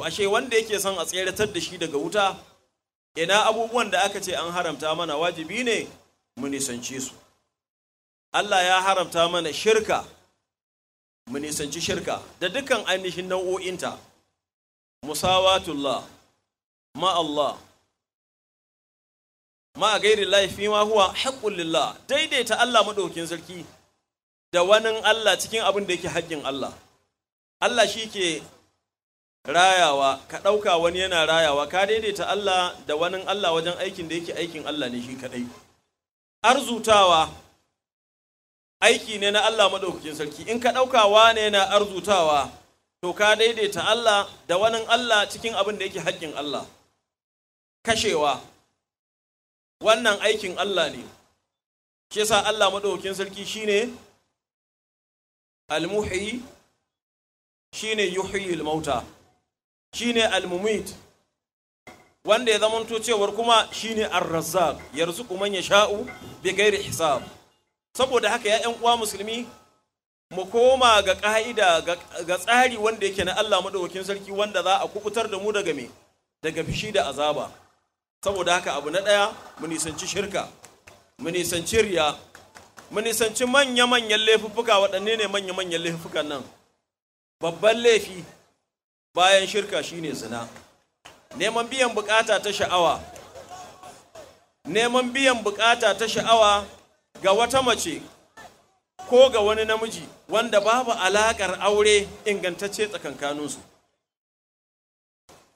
to ashe wanda yake son a tseratar da shi daga wuta ina abubuwan da aka ce an haramta mana wajibi ne mu nisanci su Allah ya haramta mana shirka mu nisanci shirka da dukkan ainihin nau'o'inta musawatullah ma Allah ma gairi laifi ma huwa haƙƙun lillah daidaita Allah maɗaukin sarki da wani Allah cikin abin da yake haƙƙin Allah Allah shi ke rayawa ka ɗauka wani yana rayawa ka daidaita Allah da wani Allah wajen aikin da yake aikin Allah ne shi kaɗai arzutawa aiki ne na Allah maɗaukakin sarki in ka ɗauka wane na arzutawa to ka daidaita Allah da wani Allah cikin abin da yake haƙƙin Allah kashewa wannan aikin Allah ne shi sa Allah maɗaukakin sarki shi al almuhi shi ne yuhuyi mauta shine al-mumit wanda ya zamanto cewar kuma shine ar-razzaq yarzuqu man sha'u, bai gairi hisab saboda haka ya uwa musulmi mu koma ga ka'ida ga tsari wanda yake na Allah madaukakin sarki wanda za a kubutar da mu daga me daga fishi da azaba saboda haka abu na ɗaya mu nisanci shirka mu nisanci riya mu nisanci manya-manyan laifuffuka waɗanne ne manya-manyan laifuffukan nan babban laifi bayan shirka shine zina neman biyan bukata ta sha'awa neman biyan bukata ta sha'awa ga wata mace ko ga wani namiji wanda babu alaƙar aure ingantacce tsakankaninsu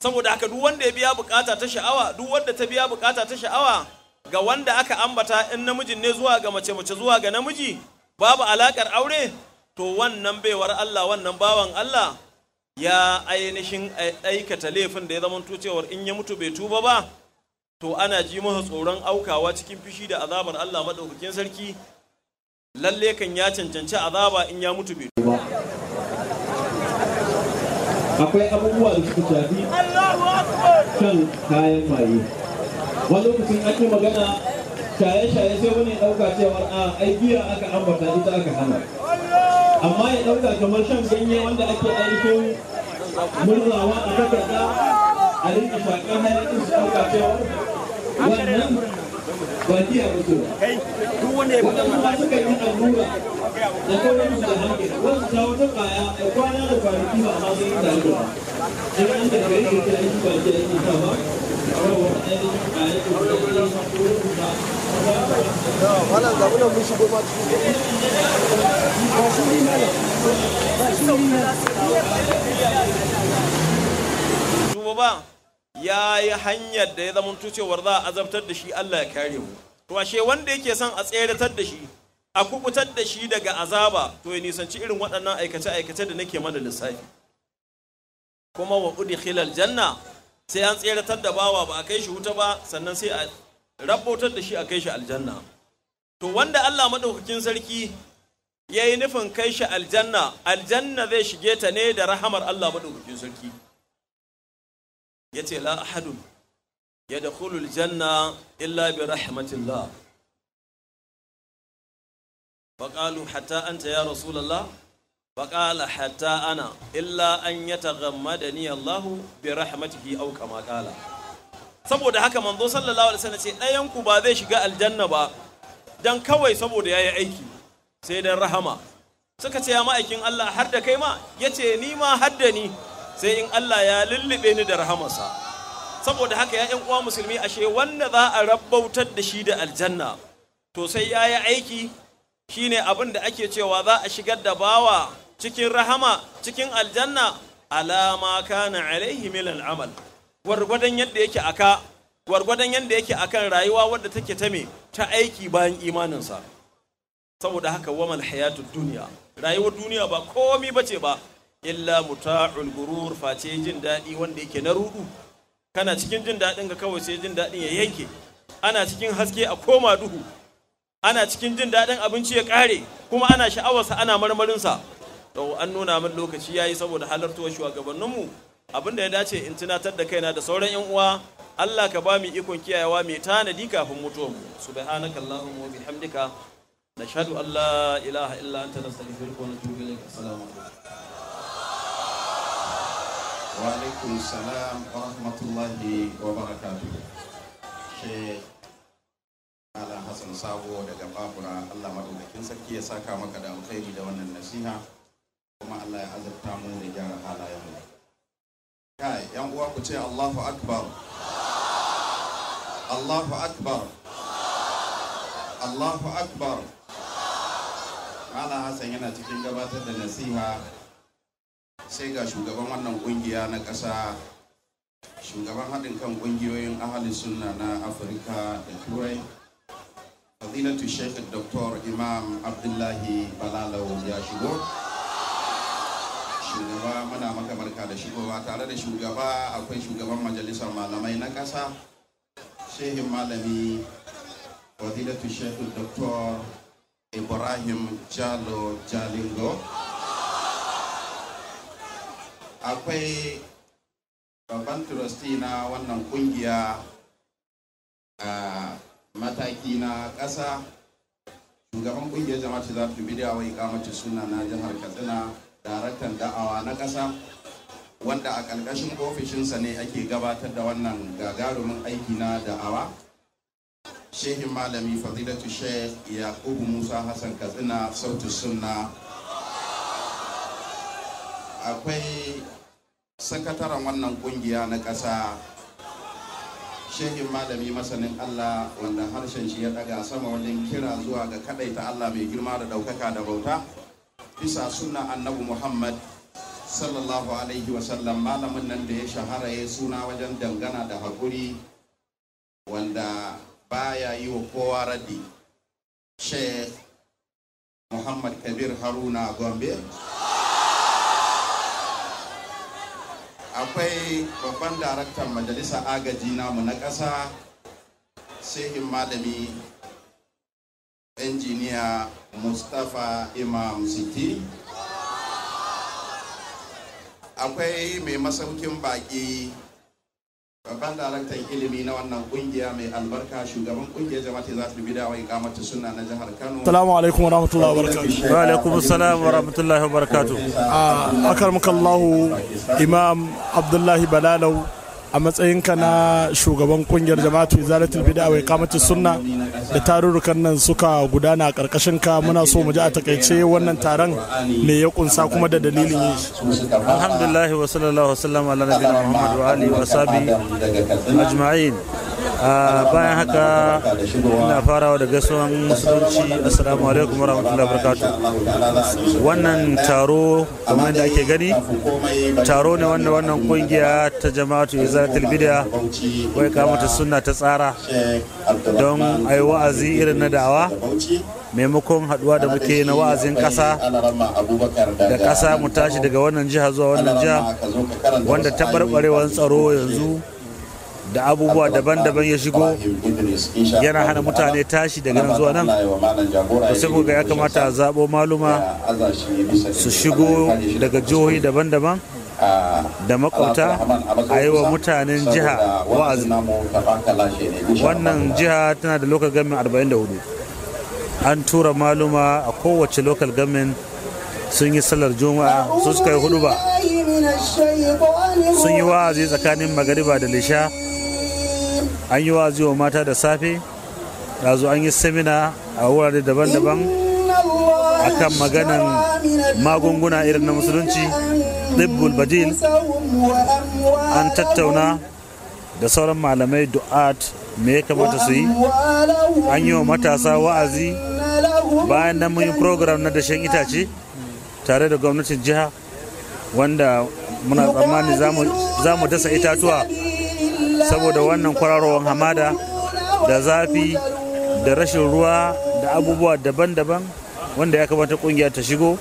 saboda haka duk wanda ya biya bukata ta sha'awa duk wanda ta biya bukata ta sha'awa ga wanda aka ambata in namijin ne zuwa ga mace mace zuwa ga namiji babu alaƙar aure to wannan baiwar Allah wannan bawan Allah ya ainihin aikata laifin da ya zama cewar in ya mutu bai tuba ba to ana ji masa tsoron aukawa cikin fishi da azabar Allah maɗaukakin sarki lalle kan ya cancanci azaba in ya mutu bai tuba akwai abubuwa da suka shafi kan kayan maye wani lokacin an yi magana shaye-shaye sai wani ɗauka cewar a ah, aiki aka ambata ita aka hana amma ya ɗauka kamar shan ganye wanda ake ainihin murzawa a takarda a rinka shaƙar hayaƙin su ɗauka cewa wannan ba jiya ba ce waɗansu suka yi allura da kawai su da hanke wasu ta wata ƙaya a kwana da kwanaki ba a ma da yi ba sai an da gari da ta aiki ba da yake ba duba ya yi hanyar da ya zama cewar za a azabtar da shi Allah ya kare mu to ashe wanda yake son a tseratar da shi a kubutar da shi daga azaba to ya nisanci irin waɗannan aikace-aikace da nake mana lissafi kuma wa udkhilal janna sai an tseratar da bawa ba a kai shi wuta ba sannan sai a rabbotar da shi a kai shi aljanna to wanda Allah madaukakin sarki ya yi nufin kai shi aljanna aljanna zai shige ta ne da rahamar Allah madaukakin sarki ya ce la ahadun ya da janna illa bi rahmatillah faƙalu hatta anta ya rasulallah فقال حتى أنا إلا أن يتغمدني الله برحمته أو كما قال saboda haka manzo sallallahu alaihi wasallam ce ɗayan ku ba zai shiga aljanna ba dan kawai saboda yayi aiki sai dan rahama suka ce ya ma'aikin Allah har da kai ma yace ni ma har da ni sai in Allah ya lullube ni da rahamarsa saboda haka ya uwa musulmi ashe wanda za a da shi da aljanna to sai yayi aiki shine abin da ake cewa za a shigar da bawa cikin rahama cikin aljanna alama kana alaihi min al'amal gwargwadon yadda yake aka gwargwadon yadda yake akan rayuwa wadda take ta me ta aiki bayan imaninsa saboda haka wamal hayatud duniya rayuwar duniya ba komi bace ba illa muta'ul gurur face jin daɗi wanda yake na rudu kana cikin jin daɗin ga kawai sai jin daɗin ya yanke ana cikin haske a koma duhu ana cikin jin daɗin abinci ya ƙare kuma ana sha'awarsa ana marmarinsa to an nuna min lokaci ya yi saboda halartuwar shugabanninmu abin da ya dace in tunatar da kaina da sauran yan uwa Allah ka ba mu ikon kiyayewa mai tanadi kafin mutuwa subhanaka allahumma wa bihamdika nashhadu an la ilaha illa anta nastaghfiruka wa natubu ilayk assalamu alaikum wa alaikum salam wa rahmatullahi wa barakatuh hassan sabo daga babura allah maɗaukakin sarki ya saka maka da alkhairi da wannan nasiha kuma allah ya azurta mu da gyara halayen mu kai yan uwa ku ce allahu akbar allahu akbar allahu akbar ala hassan yana cikin gabatar da nasiha sai ga shugaban wannan kungiya na ƙasa shugaban haɗin kan ƙungiyoyin ahalin sunna na afirka da turai fadilatu sheikh dr imam abdullahi balalau ya shigo shugaba muna maka barka da shigowa tare da shugaba akwai shugaban majalisar malamai na ƙasa shehin malami fadilatu sheikh dr ibrahim jalo jalingo akwai babban turasti na wannan kungiya a ah, mataki na ƙasa shugaban ƙungiyar jama'a ce za ta bi wa ikamatu suna na jihar katsina daraktan da'awa na ƙasa wanda a ƙarƙashin ofishinsa ne ake gabatar da wannan gagarumin aiki na da'awa shehin malami fadilatu sheikh yakubu musa hassan katsina sautu sunna akwai sakataren wannan ƙungiya na ƙasa shehin malami masanin Allah wanda harshen shi ya daga sama wajen kira zuwa ga ta Allah mai girma da daukaka da bauta bisa suna annabi Muhammad sallallahu alaihi wasallam malamin nan da ya shahara ya suna wajen dangana da hakuri wanda baya yi wa kowa raddi sheikh Muhammad Kabir Haruna Gombe akwai babban daraktan majalisa agaji namu na ƙasa shehin malami injiniya mustapha imam siti akwai mai masaukin baƙi babban daraktan ilimi na wannan kungiya mai albarka shugaban kungiyar jama'ati za su bi dawa ikamata suna na jihar Kano. Assalamu alaikum warahmatullahi wabarakatuh. Wa alaikum assalam warahmatullahi wabarakatuh. Ah, akarmukallahu Imam Abdullahi Balalau a matsayin ka na shugaban kungiyar jama'atu izalatul bid'a wai kamata sunna da tarurrukan nan suka gudana a karkashin ka muna so mu ji a takaice wannan taron me ya kunsa kuma da dalilin yi alhamdulillah wa sallallahu wa sallam ala nabiyina muhammad wa alihi wa sahbihi ajma'in bayan haka ina farawa da gaisuwan musulunci assalamu alaikum wa rahmatullahi wa wannan taro kamar da ake gani taro ne wanda wannan kungiya ta jama'atu izalatul bid'a wai kamata suna ta tsara don yi wa'azi irin na da'awa maimakon haduwa da muke na wa'azin kasa da kasa mu tashi daga wannan jiha zuwa wannan jiha wanda barbarewar tsaro yanzu da abubuwa daban-daban ya shigo yana hana mutane tashi daga nan zuwa nan da sai ga ya kamata a zaɓo maluma su shigo daga jihohi daban-daban ah, da makwabta a yi wa mutanen jiha wa'azi wannan jiha tana da local government 44 an tura maluma a kowace local government sun yi sallar juma'a su suka yi hudu ba sun yi wa'azi tsakanin magariba da lisha an yi wa'azi wa mata da safe ɗazu an yi semina a wurare daban-daban a kan maganan magunguna irin na musulunci ɗibbul badil an tattauna da sauran malamai du'at me ya kamata su yi an yi wa matasa wa'azi bayan nan mun yi program na dashen itace tare da gwamnatin jiha wanda muna tsammani za mu dasa itatuwa saboda wannan kwararowar hamada da zafi da rashin ruwa da abubuwa daban-daban wanda ya kamata kungiya ta shigo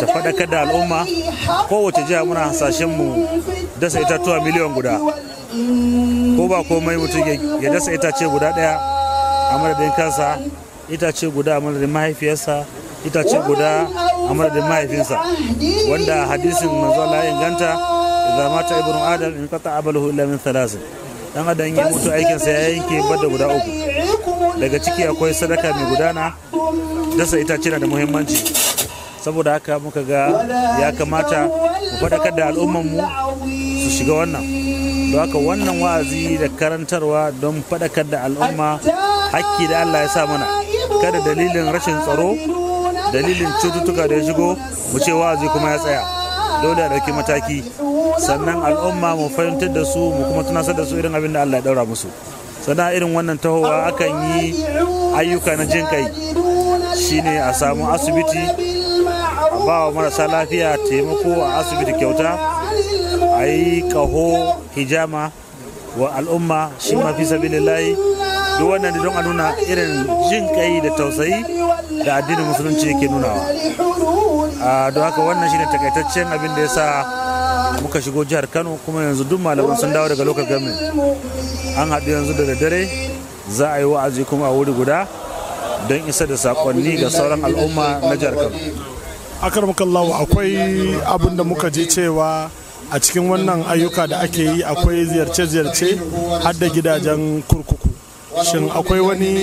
ta faɗakar da al'umma kowace jiha muna hasashen mu dasa itatuwa miliyan guda ko ba komai mutum ya dasa itace guda ɗaya a madadin kansa itace guda a madadin mahaifiyarsa itace guda a madadin mahaifinsa wanda hadisin manzo Allah inganta da mata ibnu adam in qata abalahu illa min thalasin dan adam ya mutu aikin sa ya yanke bada guda uku daga ciki akwai sadaka mai gudana dasa itace na da muhimmanci saboda haka muka ga ya kamata mu faɗakar da al'umman mu su shiga wannan don haka wannan wa'azi da karantarwa don faɗakar da al'umma hakki da Allah ya sa mana kada dalilin rashin tsaro dalilin cututtuka da ya shigo mu ce wa'azi kuma ya tsaya dole a ɗauki mataki sannan al'umma mu fahimtar da su mu kuma tunasar da su irin abin da Allah ya daura musu sannan irin wannan tahowa akan yi ayyuka na jin kai shine a samu asibiti a ba wa marasa lafiya taimako a asibiti kyauta a yi kaho hijama wa al'umma shi ma fi sabilillahi duk wannan da don a nuna irin jin kai da tausayi da addinin musulunci ke nunawa don haka wannan shine takaitaccen abin da ya sa muka shigo jihar kano kuma yanzu duk malaman sun dawo daga local government an haɗu yanzu da daddare za a yi wa'azi kuma a wuri guda don isa da sakonni ga sauran al'umma na jihar kano akarmakallahu akwai abin da muka je cewa a cikin wannan ayyuka da ake yi akwai ziyarce-ziyarce har da gidajen kurkuku shin akwai wani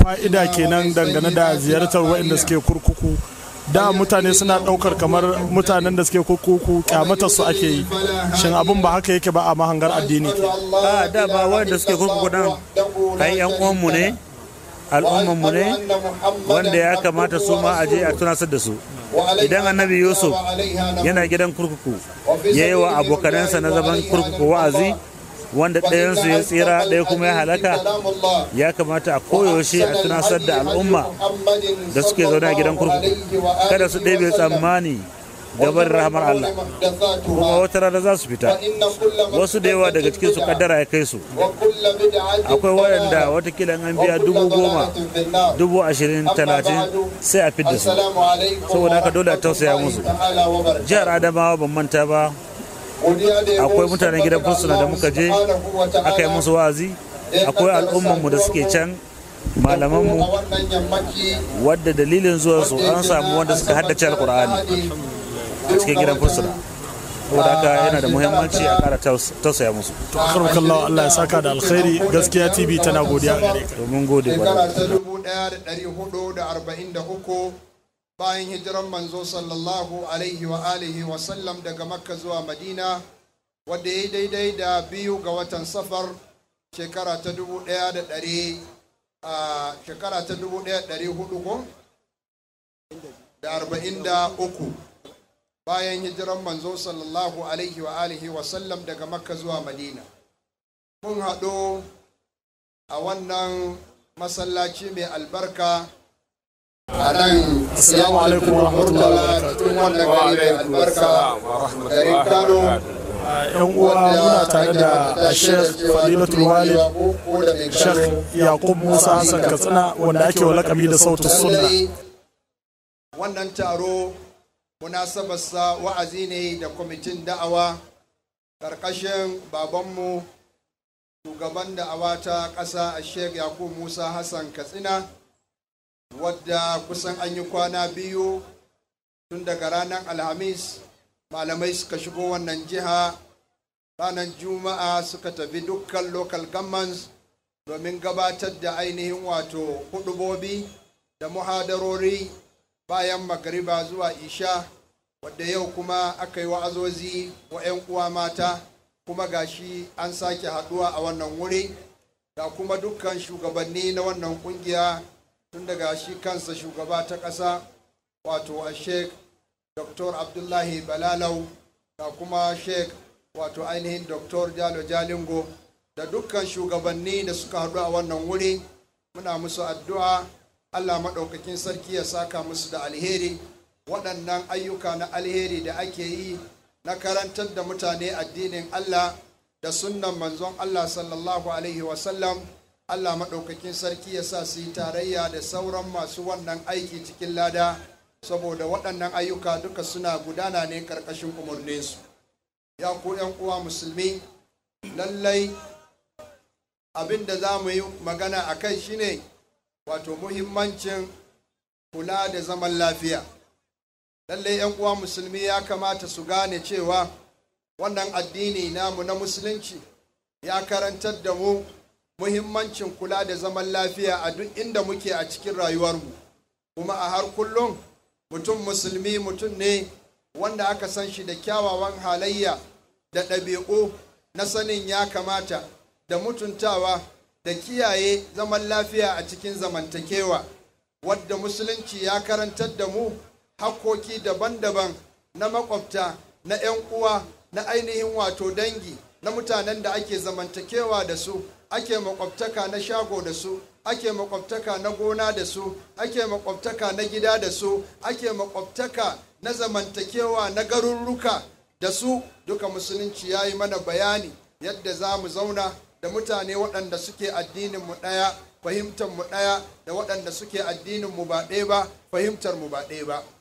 fa'ida kenan dangane da ziyartar waɗanda suke kurkuku da mutane suna daukar kamar mutanen da suke kurkuku kyamatar su ake yi shin abin ba haka yake ba a mahangar addini a da ba wanda suke kuku dan kai yan uwanmu ne al'umman mu ne wanda ya kamata su ma aje a tunasar da su idan annabi yusuf yana gidan kurkuku ya yi wa abokanansa na zaman kurkuku wa'azi wanda ɗayansu ya tsira ɗaya kuma ya halaka ya kamata a koyaushe a tunasar da al'umma da suke zaune a gidan kurkuku kada su ɗebe tsammani gabar rahamar Allah kuma wata rana za su fita wasu da yawa daga cikin su kaddara ya kai su akwai waɗanda watakila an biya dubu goma dubu ashirin talatin sai a fidda su saboda haka dole a tausaya musu jihar adamawa ban manta ba akwai mutanen gidan fursuna da muka je aka yi musu wazi akwai al'ummanmu da suke can malamanmu wadda dalilin zuwansu an samu wanda suka haddace alkur'ani a cikin gidan fursuna saboda aka yana da muhimmanci a kara tausaya musu to akarwakallahu Allah ya saka da alkhairi gaskiya tv tana godiya gare ka domin gode ba bayan hijiran manzo sallallahu alaihi wa alihi wa sallam daga makka zuwa madina wadda ya yi daidai da biyu ga watan safar shekara ta dubu ɗaya da ɗari a shekara ta dubu ɗaya da ɗari hudu ko da arba'in da uku bayan hijiran manzo sallallahu alaihi wa alihi wa sallam daga makka zuwa madina Mun haɗo a wannan masallaci mai albarka a assalamu alaikum wa rahmatullah cikin wannan gari mai albarka garin kano yan uwa muna tare da sheikh fadilatul walid sheikh yaqub musa hassan katsina wanda ake wa lakabi da sautin sunna wannan taro munasabarsa wa'azi ne da kwamitin da'awa ƙarƙashin babanmu shugaban da'awa ta ƙasa a sheikh yaqub musa hassan katsina wadda kusan an yi kwana biyu tun daga ranar alhamis malamai suka shigo wannan jiha ranar juma'a suka tafi dukkan local governments domin gabatar da ainihin wato hudubobi da muhadarori bayan magariba zuwa isha wadda yau kuma aka yi wa'azozi wa 'yan uwa mata kuma gashi an sake haduwa a wannan wuri ga kuma dukkan shugabanni na wannan kungiya tun daga shi kansa shugaba ta ƙasa wato a sheik dr abdullahi balalau da kuma sheik wato ainihin dr jalo jalingo da dukkan shugabanni da suka haɗu a wannan wuri muna musu addu'a allah maɗaukakin sarki ya saka musu da alheri waɗannan ayyuka na alheri da ake yi na karantar da mutane addinin allah da sunnan manzon allah sallallahu alaihi wasallam Allah maɗaukakin sarki ya sa su yi tarayya da sauran masu wannan aiki cikin lada saboda waɗannan ayyuka duka suna gudana ne ƙarƙashin umarninsu. Ya ku ‘yan uwa musulmi, lallai abin da za mu yi magana a kai shi ne wato muhimmancin kula da zaman lafiya. Lallai ‘yan uwa musulmi ya kamata su gane cewa wannan addini namu na musulunci ya karantar da mu muhimmancin kula da zaman lafiya a duk inda muke a cikin rayuwarmu kuma a har kullum mutum musulmi mutum ne wanda aka san shi da kyawawan halayya da ɗabi'u na sanin ya kamata da mutuntawa da kiyaye zaman lafiya a cikin zamantakewa wadda musulunci ya karantar da mu hakkoki daban-daban na makwabta na 'yan uwa na ainihin wato dangi na mutanen da ake zamantakewa da su ake makwabtaka na shago da su ake makwabtaka na gona da su ake makwabtaka na gida da su ake makwabtaka na zamantakewa na garurruka da su duka musulunci ya yi mana bayani yadda za mu zauna da mutane waɗanda suke mu ɗaya fahimtar mu ɗaya da waɗanda suke addininmu ba ɗaya ba fahimtar mu ba ɗaya ba